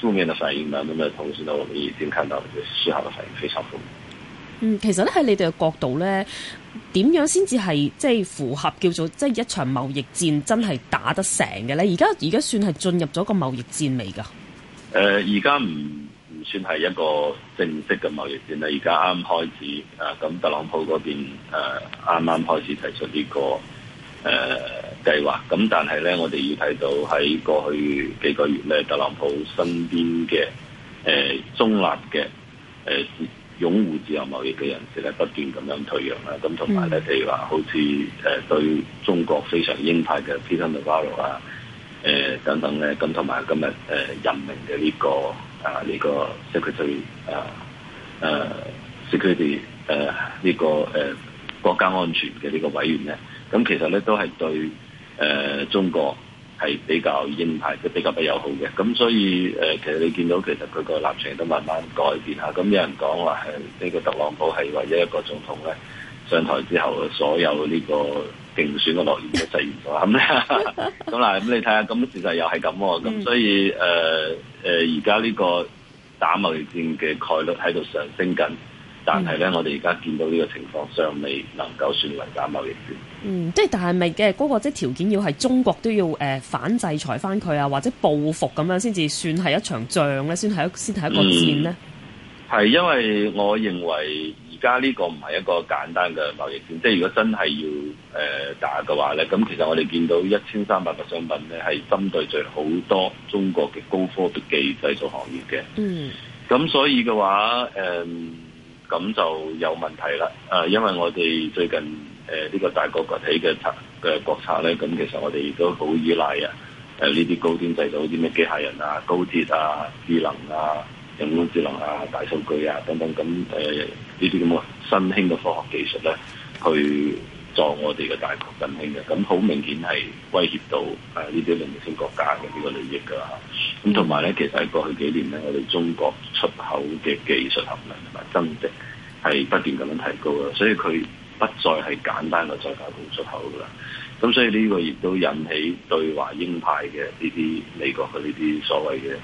負面嘅反應啦，咁啊，同時呢，我哋已經看到嘅市場嘅反應非常負面。嗯，其實咧喺你哋嘅角度咧，點樣先至係即係符合叫做即係、就是、一場貿易戰真係打得成嘅咧？而家而家算係進入咗個貿易戰未㗎？誒、呃，而家唔唔算係一個正式嘅貿易戰啦，而家啱開始啊，咁特朗普嗰邊誒啱啱開始提出呢個誒。啊計劃，咁，但係咧，我哋要睇到喺過去幾個月咧，特朗普身邊嘅誒、呃、中立嘅誒、呃、擁護自由貿易嘅人士咧，不斷咁樣退讓啦。咁同埋咧，譬如話好似誒、呃、對中國非常鷹派嘅 Peter Navarro 啊、呃、誒等等咧，咁同埋今日誒、呃、任命嘅呢個啊呢個，即係佢對啊啊，即係佢哋誒呢個誒、啊啊啊這個啊、國家安全嘅呢個委員咧。咁其實咧都係對。誒、呃、中國係比較鷹派，即係比較唔友好嘅，咁所以誒、呃，其實你見到其實佢個立場都慢慢改變下，咁有人講話係呢個特朗普係唯一一個總統咧上台之後，所有呢個競選嘅諾言都實現咗，咁啦、 嗯，咁你睇下，咁事實又係咁喎，咁所以誒誒，而家呢個打貿易戰嘅概率喺度上升緊。嗯、但係咧，我哋而家見到呢個情況，尚未能夠算為打貿易戰。嗯，是是不是那個、即係但係咪嘅嗰個即係條件要係中國都要誒、呃、反制裁翻佢啊，或者報復咁樣先至算係一場仗咧，先係一先係一個戰呢？係、嗯、因為我認為而家呢個唔係一個簡單嘅貿易戰，即係如果真係要誒、呃、打嘅話咧，咁其實我哋見到一千三百個商品咧係針對住好多中國嘅高科技製造行業嘅。嗯。咁所以嘅話誒。呃咁就有問題啦、啊。因為我哋最近呢、呃呢個大國崛起嘅嘅國策咧，咁其實我哋亦都好依賴啊呢啲、啊、高端製造，啲咩機械人啊、高鐵啊、智能啊、人工智能啊、大數據啊等等。咁呢啲咁嘅新興嘅科學技術咧，去助我哋嘅大國振興嘅，咁好明顯係威脅到呢啲領先國家嘅呢個利益㗎嚇，咁同埋咧，其實喺過去幾年咧，我哋中國出口嘅技術含量同埋增值係不斷咁樣提高啦，所以佢不再係簡單嘅再加工出口啦，咁所以呢個亦都引起對華鷹派嘅呢啲美國嘅呢啲所謂嘅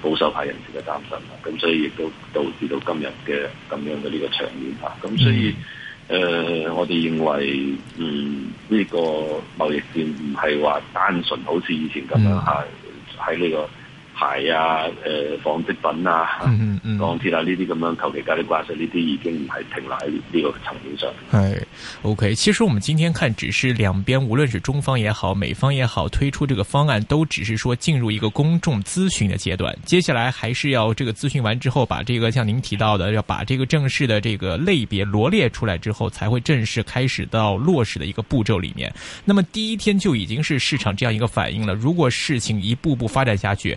保守派人士嘅擔心啦，咁所以亦都導致到今日嘅咁樣嘅呢個場面嚇，咁所以。誒、呃，我哋認為，嗯，呢、這個貿易戰唔係話單純好似以前咁樣嚇，喺呢、嗯這個。鞋啊，誒、呃，紡織品啊，鋼鐵啊，呢啲咁樣，求其加啲關稅，呢啲已經唔係停留喺呢個層面上、嗯。係、嗯，OK。其實我們今天看，只是兩邊，無論是中方也好，美方也好，推出這個方案，都只是說進入一個公眾諮詢的階段。接下來還是要這個諮詢完之後，把這個像您提到的，要把這個正式的這個類別羅列出來之後，才會正式開始到落實的一個步驟裏面。那麼第一天就已經是市場這樣一個反應了。如果事情一步步發展下去，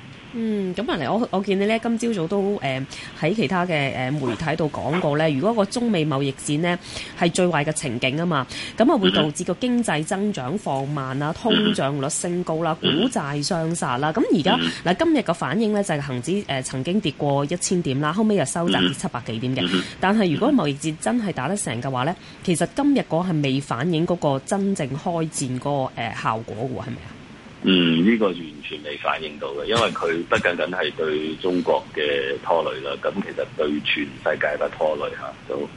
嗯，咁嚟我我見你咧今朝早都誒喺、呃、其他嘅、呃、媒體度講過咧，如果個中美貿易戰呢係最壞嘅情景啊嘛，咁啊會導致個經濟增長放慢啦、通脹率升高啦、股債雙殺啦。咁而家嗱今日個反應咧就係、是、恒指、呃、曾經跌過一千點啦，後尾又收窄至七百幾點嘅。但係如果貿易戰真係打得成嘅話咧，其實今日嗰係未反映嗰個真正開戰嗰個、呃、效果喎，係咪啊？嗯，呢、這個完全未反應到嘅，因為佢不僅僅係對中國嘅拖累啦，咁其實對全世界嘅拖累嚇，就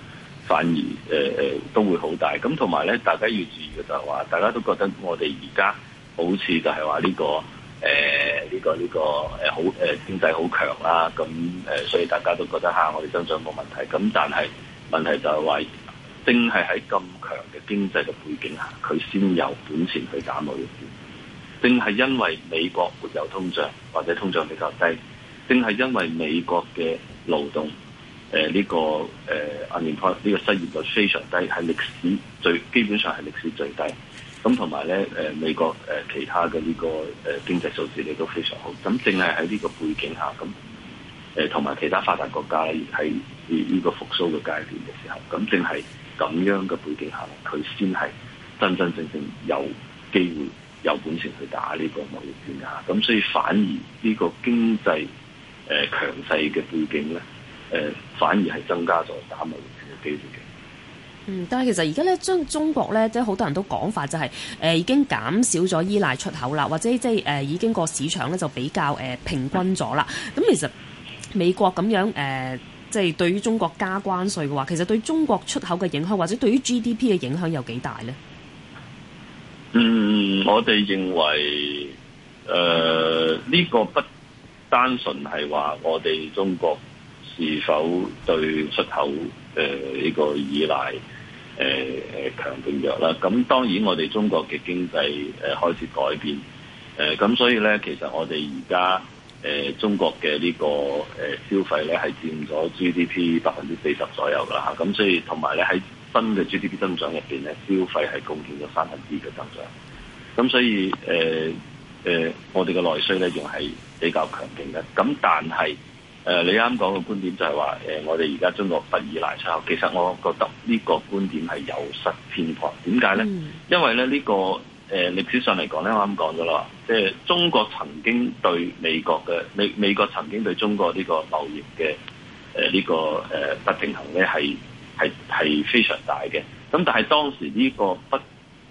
反而誒誒、呃、都會好大。咁同埋咧，大家要注意嘅就係話，大家都覺得我哋而家好似就係話呢個誒呢、呃這個呢、這個誒、呃、好誒、呃、經濟好強啦，咁誒、呃、所以大家都覺得嚇我哋增長冇問題。咁但係問題就係話，正係喺咁強嘅經濟嘅背景下，佢先有本錢去打貿易戰。正係因為美國沒有通脹，或者通脹比較低，正係因為美國嘅勞動，誒呢個誒 unemployment 呢個失業率非常低，係歷史最基本上係歷史最低。咁同埋咧誒美國誒其他嘅呢個誒經濟數字亦都非常好。咁正係喺呢個背景下，咁誒同埋其他發達國家咧，係呢個復甦嘅階段嘅時候，咁正係咁樣嘅背景下，佢先係真真正正有機會。有本錢去打呢個貿易戰啊！咁所以反而呢個經濟誒、呃、強勢嘅背景咧，誒、呃、反而係增加咗打貿易戰嘅機會嘅。嗯，但係其實而家咧，將中國咧，即係好多人都講法就係、是、誒、呃、已經減少咗依賴出口啦，或者即係誒已經個市場咧就比較誒、呃、平均咗啦。咁是其實美國咁樣誒，即、呃、係、就是、對於中國加關稅嘅話，其實對中國出口嘅影響，或者對於 GDP 嘅影響有幾大咧？嗯，我哋認為誒呢、呃這個不單純係話我哋中國是否對出口誒呢、呃這個依賴誒誒、呃呃、強定弱啦。咁當然我哋中國嘅經濟誒開始改變誒，咁、呃、所以咧，其實我哋而家誒中國嘅呢個誒消費咧係佔咗 GDP 百分之四十左右啦。吓，咁所以同埋咧喺新嘅 GDP 增長入邊咧，消費係貢獻咗三分之二嘅增長。咁所以誒誒、呃呃，我哋嘅內需咧，仲係比較強勁嘅。咁但係誒、呃，你啱啱講嘅觀點就係話誒，我哋而家中國不依賴出口。其實我覺得呢個觀點係有失偏頗。點解咧？嗯、因為咧呢、這個誒、呃、歷史上嚟講咧，我啱啱講咗啦，即、就、係、是、中國曾經對美國嘅美美國曾經對中國呢個貿易嘅誒、呃這個呃、呢個誒不平衡咧係。係係非常大嘅，咁但係當時呢個不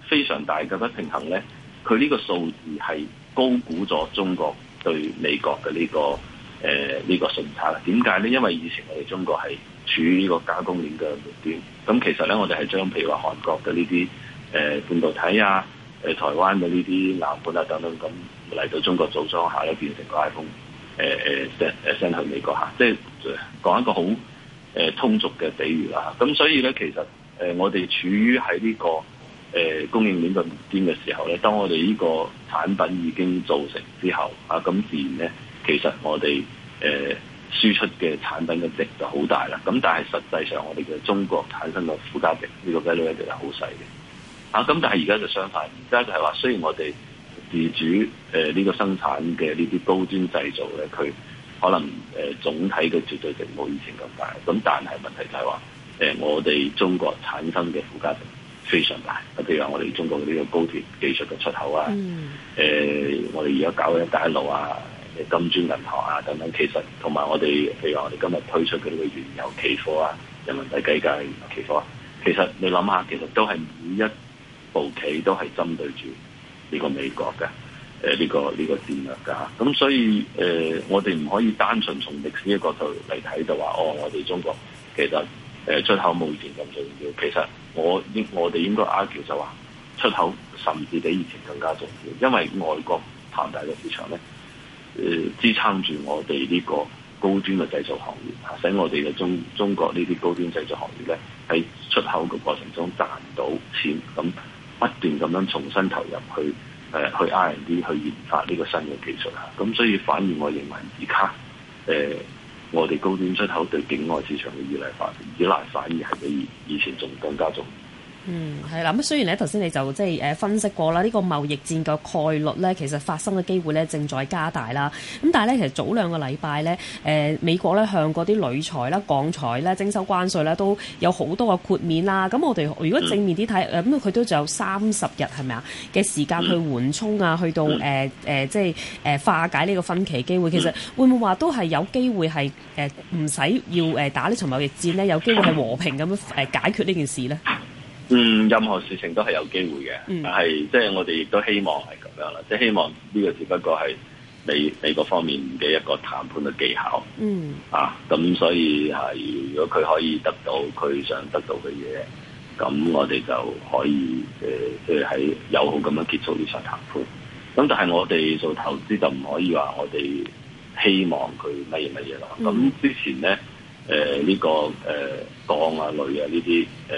非常大嘅不平衡咧，佢呢個數字係高估咗中國對美國嘅呢、呢個誒呢、呃呢個順差啦。點解咧？因為以前我哋中國係處於呢個加工鏈嘅末端，咁其實咧我哋係將譬如話韓國嘅呢啲誒半導體啊、誒、呃、台灣嘅呢啲藍本啊等等，咁嚟到中國組裝後咧變成個 iPhone 誒誒 send send 去美國嚇，即係講一個好，誒通俗嘅比喻啦，咁所以咧，其實誒我哋處於喺呢、這個誒、呃、供應鏈嘅末端嘅時候咧，當我哋呢個產品已經做成之後，啊咁自然咧，其實我哋誒、呃、輸出嘅產品嘅值就好大啦。咁但係實際上我哋嘅中國產生嘅附加值呢個比率一直係好細嘅。啊，咁但係而家就相反，而家就係話雖然我哋自主誒呢個生產嘅呢啲高端製造咧，佢可能誒、呃、總體嘅絕對值冇以前咁大，咁但係問題就係話誒，我哋中國產生嘅附加值非常大，譬如話我哋中國呢個高鐵技術嘅出口啊，誒、嗯呃、我哋而家搞嘅大陸啊、金磚銀行啊等等，其實同埋我哋譬如話我哋今日推出嘅呢個原油期貨啊、人民幣計價原油期貨，其實你諗下，其實都係每一步棋都係針對住呢個美國嘅。誒呢個呢個戰略㗎，咁所以誒、呃，我哋唔可以單純從歷史嘅角度嚟睇，就話哦，我哋中國其實出口冇以前咁重要。其實我，我們應我哋應該 argue 就話，出口甚至比以前更加重要，因為外國龐大嘅市場咧、呃，支撐住我哋呢個高端嘅製造行業，使我哋嘅中中國呢啲高端製造行業咧喺出口嘅過程中賺到錢，咁不斷咁樣重新投入去。誒去 R&D 去研發呢個新嘅技術啊，咁所以反而我認為而家誒我哋高端出口對境外市場嘅依賴發展，依賴反而係比以前仲更加重。嗯，係啦。咁雖然咧，頭先你就即係誒分析過啦，呢個貿易戰嘅概率咧，其實發生嘅機會咧正在加大啦。咁但係咧，其實早兩個禮拜咧，誒美國咧向嗰啲鋁材啦、鋼材啦、徵收關稅啦，都有好多嘅豁免啦。咁我哋如果正面啲睇，咁佢、嗯、都仲有三十日係咪啊嘅時間去緩衝啊，去到誒誒、呃呃，即係誒化解呢個分歧嘅機會。其實會唔會話都係有機會係誒唔使要誒打呢場貿易戰呢？有機會係和平咁樣誒解決呢件事呢？嗯，任何事情都係有機會嘅，嗯、但係即係我哋亦都希望係咁樣啦，即係希望呢個只不過係美美國方面嘅一個談判嘅技巧。嗯，啊，咁所以係如果佢可以得到佢想得到嘅嘢，咁我哋就可以即誒係友好咁樣結束呢場談判。咁但係我哋做投資就唔可以話我哋希望佢乜嘢乜嘢啦。咁、嗯、之前咧誒呢、呃呢個誒、呃、鋼啊類啊呢啲誒。呢啲呃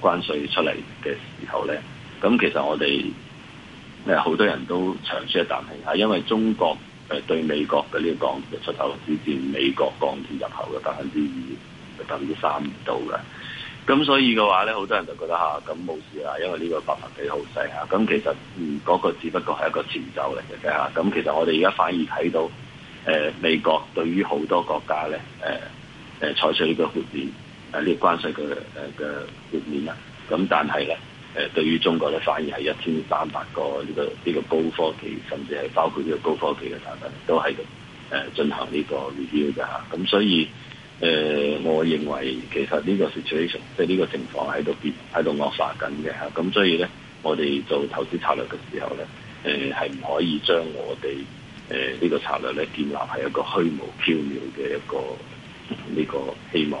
關稅出嚟嘅時候咧，咁其實我哋誒好多人都長舒一啖氣啊，因為中國誒對美國嘅呢個鋼鐵出口只佔，美國鋼鐵入口嘅、啊、百分之二、百分之三唔到嘅，咁所以嘅話咧，好多人就覺得吓，咁冇事啦，因為呢個百分比好細吓，咁其實嗯嗰個只不過係一個前奏嚟嘅啫吓，咁其實我哋而家反而睇到誒、呃、美國對於好多國家咧，誒誒採取呢個豁免。呃誒呢、啊，這個關稅嘅誒嘅局面，咁但係咧，誒對於中國咧，反而係一千三百個呢、這個呢、這個、高科技，甚至係包括呢個高科技嘅產品都喺度誒進行呢個 review 嘅嚇，咁、啊啊、所以誒、啊，我認為其實呢個 situation 即係呢個情況喺度變喺度惡化緊嘅，咁所以咧，我哋做投資策略嘅時候咧，誒係唔可以將我哋誒呢個策略咧建立係一個虛無縹緲嘅一個呢、這個希望。